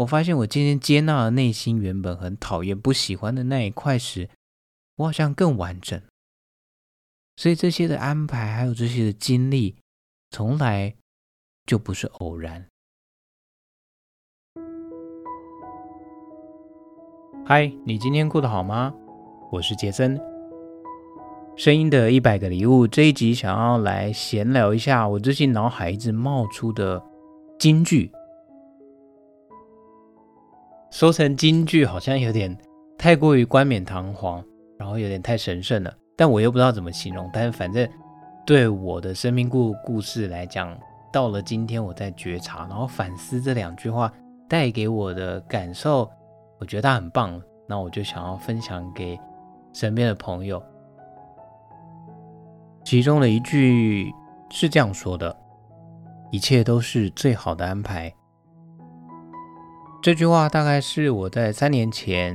我發現，我今天接納了內心原本很討厭、不喜歡的那一塊時，我好像更完整。所以這些的安排，還有這些的經歷，從來就不是偶然。嗨，你今天過得好嗎？我是傑森。聲音的一百個禮物這一集，想要來閒聊一下我最近腦海一直冒出的金句。說成金句好像有點太過於冠冕堂皇，然後有點太神聖了。但我又不知道怎麼形容，但是反正對我的生命故故事來講，到了今天我在覺察，然後反思這兩句話帶給我的感受，我覺得它很棒。那我就想要分享給身邊的朋友。其中的一句是這樣說的：“一切都是最好的安排。”這句話大概是我在三年前，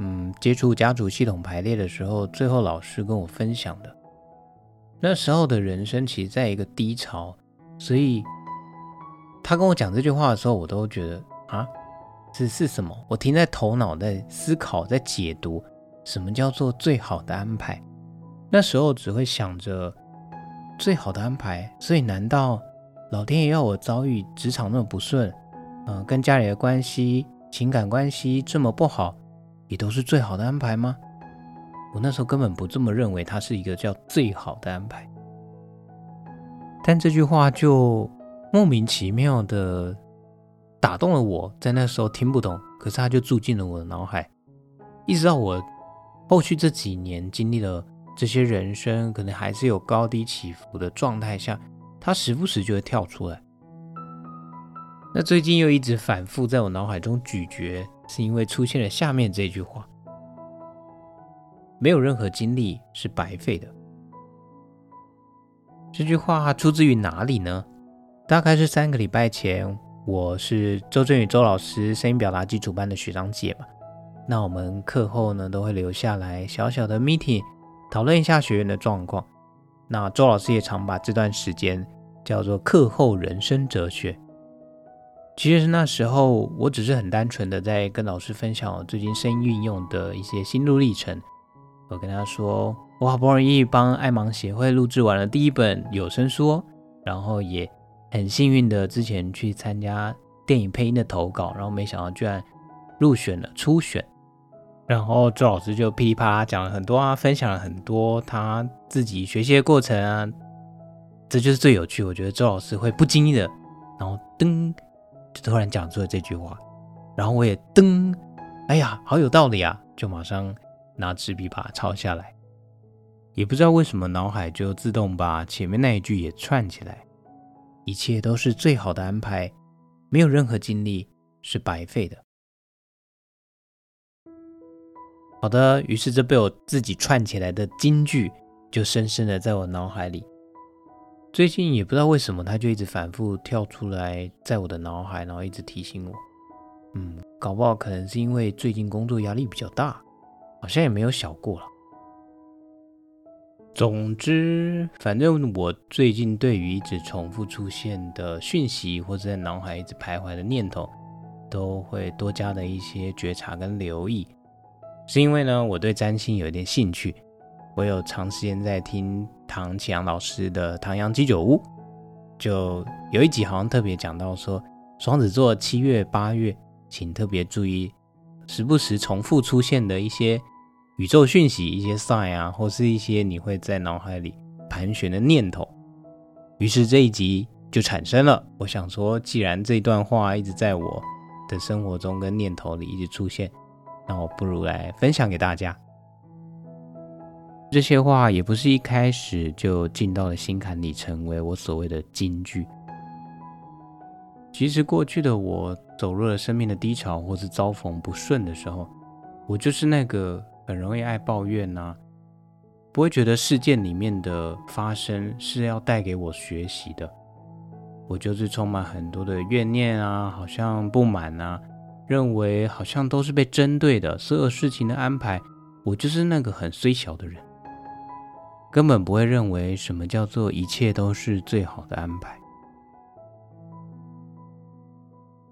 嗯，接觸家族系統排列的時候，最後老師跟我分享的。那時候的人生其實在一個低潮，所以他跟我講這句話的時候，我都覺得啊，這是什麼？我停在頭腦在思考，在解讀什麼叫做最好的安排。那時候只會想着最好的安排，所以難道老天爺要我遭遇職場那麼不順？嗯、呃，跟家裡的關係、情感關係這麼不好，也都是最好的安排嗎？我那時候根本不這麼認為，它是一個叫最好的安排。但這句話就莫名其妙的打動了我，在那時候聽不懂，可是它就住進了我的腦海，一直到我後續這幾年經歷了這些人生，可能還是有高低起伏的狀態下，它時不時就會跳出來。那最近又一直反覆在我腦海中咀嚼，是因為出現了下面這句話：“沒有任何經歷是白費的。”這句話出自於哪裡呢？大概是三個禮拜前，我是周震宇周老師聲音表達基礎班的學長姐吧。那我們課後呢都會留下來小小的 meeting，討論一下學員的狀況。那周老師也常把這段時間叫做課後人生哲學。其實是那時候，我只是很單純的在跟老師分享我最近聲音運用的一些心路歷程。我跟他說，我好不容易幫愛盲協會錄製完了第一本有聲書，哦，然後也很幸運的之前去參加電影配音的投稿，然後沒想到居然入選了初選。然後周老師就噼里啪啦講了很多啊，分享了很多他自己學習的過程啊。這就是最有趣，我覺得周老師會不經意的，然後噔。就突然講出了這句話，然後我也噔，哎呀，好有道理啊！就馬上拿紙筆把它抄下來，也不知道為什麼腦海就自動把前面那一句也串起來。一切都是最好的安排，沒有任何經歷是白費的。好的，於是這被我自己串起來的金句，就深深的在我腦海裡。最近也不知道為什麼，他就一直反復跳出來，在我的腦海，然後一直提醒我。嗯，搞不好可能是因為最近工作壓力比較大，好像也沒有小過了。總之，反正我最近對於一直重複出現的訊息，或者在腦海一直徘徊的念頭，都會多加的一些覺察跟留意。是因為呢，我對占星有一點興趣，我有長時間在聽。唐綺陽老師的《唐陽雞酒屋》就有一集，好像特別講到說，雙子座七月八月，請特別注意，時不時重複出現的一些宇宙訊息、一些 sign 啊，或是一些你會在腦海裡盤旋的念頭。於是這一集就產生了。我想說，既然這段話一直在我的生活中跟念頭裡一直出現，那我不如來分享給大家。這些話也不是一開始就進到了心坎裡，成為我所謂的金句。其實過去的我走入了生命的低潮，或是遭逢不順的時候，我就是那個很容易愛抱怨吶、啊，不會覺得事件裡面的發生是要帶給我學習的。我就是充滿很多的怨念啊，好像不滿啊，認為好像都是被針對的，所有事情的安排。我就是那個很衰小的人。根本不會認為什麼叫做一切都是最好的安排。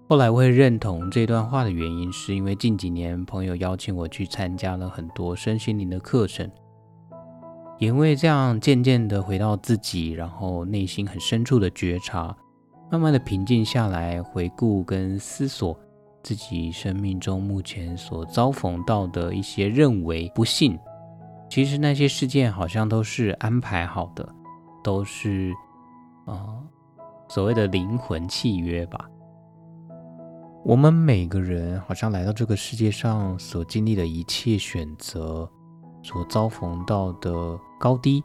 後來我會認同這段話的原因，是因為近幾年朋友邀請我去參加了很多身心靈的課程，也因為這樣漸漸的回到自己，然後內心很深處的覺察，慢慢的平靜下來，回顧跟思索自己生命中目前所遭逢到的一些認為不幸。其實那些事件好像都是安排好的，都是啊、呃、所謂的靈魂契約吧。我們每個人好像來到這個世界上所經歷的一切選擇，所遭逢到的高低，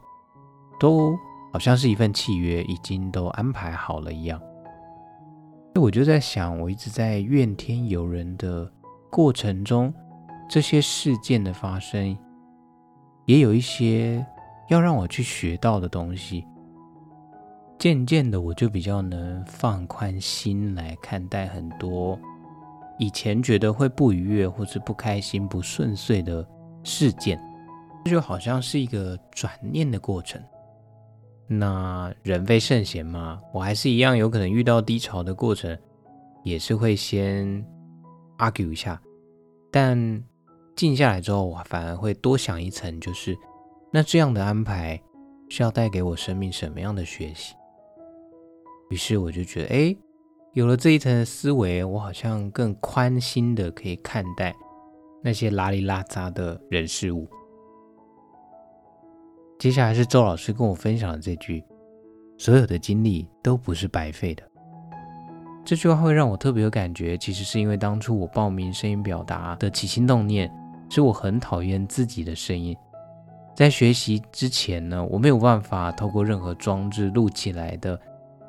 都好像是一份契約，已經都安排好了一樣。所以我就在想，我一直在怨天尤人的過程中，這些事件的發生。也有一些要讓我去學到的東西。漸漸的，我就比較能放寬心來看待很多以前覺得會不愉悅或是不開心、不順遂的事件，這就好像是一個轉念的過程。那人非聖賢嘛，我還是一樣，有可能遇到低潮的過程，也是會先 argue 一下，但靜下來之後，我反而會多想一層，就是那這樣的安排需要帶給我生命什麼樣的學習？於是我就覺得，哎、欸，有了這一層的思維，我好像更寬心的可以看待那些拉里拉雜的人事物。接下來是周老師跟我分享的這句：“所有的經歷都不是白費的。”這句話會讓我特別有感覺，其實是因為當初我報名聲音表達的起心動念。是我很討厭自己的聲音，在學習之前呢，我沒有辦法透過任何裝置錄起來的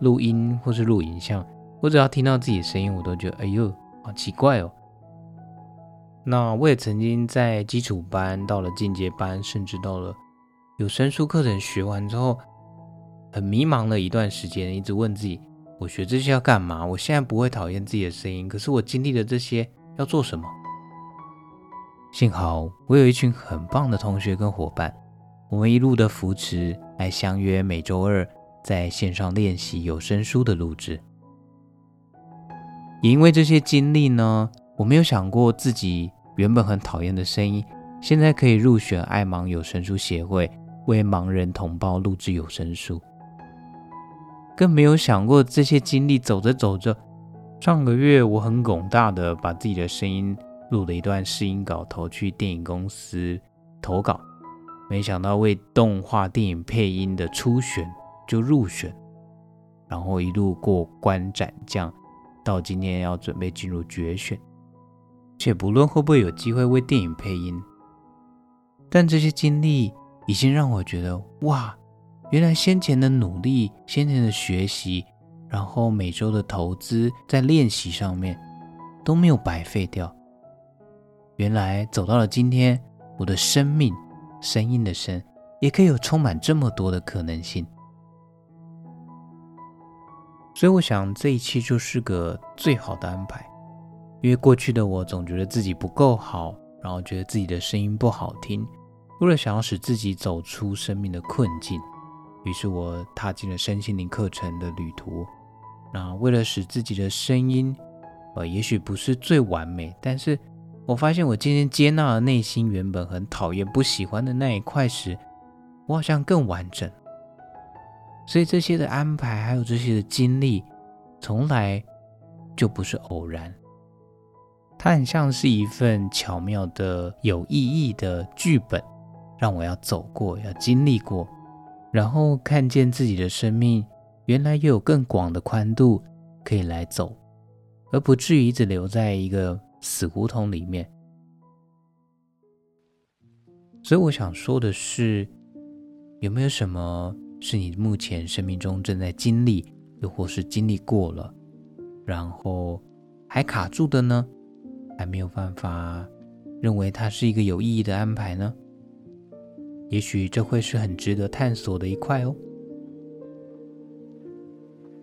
錄音或是錄影像，我只要聽到自己的聲音，我都覺得哎呦，好奇怪哦。那我也曾經在基礎班、到了進階班，甚至到了有聲書課程學完之後，很迷茫了一段時間，一直問自己：我學這些要幹嘛？我現在不會討厭自己的聲音，可是我經歷了這些要做什麼？幸好我有一群很棒的同學跟夥伴，我們一路的扶持，還相約每周二在線上練習有聲書的錄制。也因為這些經歷呢，我沒有想過自己原本很討厭的聲音，現在可以入選愛盲有聲書協會，為盲人同胞錄制有聲書。更沒有想過這些經歷走着走着，上個月我很狗大的把自己的聲音。錄了一段試音稿投去電影公司投稿，沒想到為動畫電影配音的初選就入選，然後一路過關斬將，到今天要準備進入決選。且不論會不會有機會為電影配音，但這些經歷已經讓我覺得哇，原來先前的努力、先前的學習，然後每周的投資在練習上面都沒有白費掉。原來走到了今天，我的生命，聲音的聲，也可以有充滿這麼多的可能性。所以我想這一期就是個最好的安排，因為過去的我總覺得自己不夠好，然後覺得自己的聲音不好聽。為了想要使自己走出生命的困境，於是我踏進了身心靈課程的旅途。那為了使自己的聲音，呃，也許不是最完美，但是。我發現，我今天接納了內心原本很討厭、不喜歡的那一塊時，我好像更完整。所以這些的安排，還有這些的經歷，從來就不是偶然。它很像是一份巧妙的、有意義的劇本，讓我要走過、要經歷過，然後看見自己的生命原來又有更廣的寬度可以來走，而不至於只留在一個。死胡同裡面，所以我想說的是，有沒有什麼是你目前生命中正在經歷，又或是經歷過了，然後還卡住的呢？還沒有辦法認為它是一個有意義的安排呢？也許這會是很值得探索的一塊哦。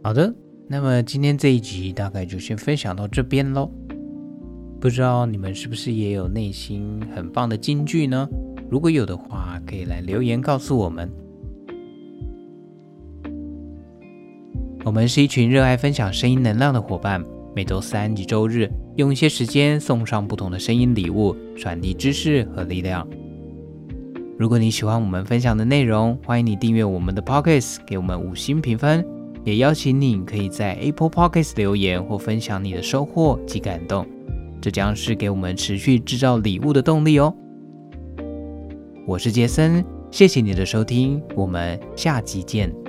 好的，那麼今天這一集大概就先分享到這邊咯。不知道你們是不是也有內心很棒的金句呢？如果有的話，可以來留言告訴我們。我們是一群熱愛分享聲音能量的夥伴，每周三及周日用一些時間送上不同的聲音禮物，傳遞知識和力量。如果你喜歡我們分享的內容，歡迎你訂閱我們的 Podcast，給我們五星評分，也邀請你可以在 Apple Podcast 留言或分享你的收穫及感動。這將是給我們持續製造禮物的動力哦。我是傑森，謝謝你的收聽，我們下集見。